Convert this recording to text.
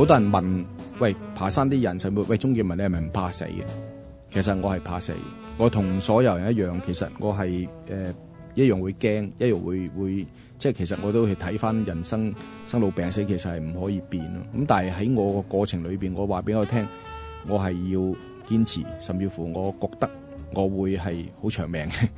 好多人問：喂，爬山啲人係咪？喂，鍾健民，你係咪唔怕死嘅？其實我係怕死，我同所有人一樣。其實我係一樣會驚，一樣會一樣會，會即係其實我都係睇翻人生生老病死，其實係唔可以變咯。咁但係喺我個過程裏面，我話俾佢聽，我係要堅持，甚至乎我覺得我會係好長命嘅。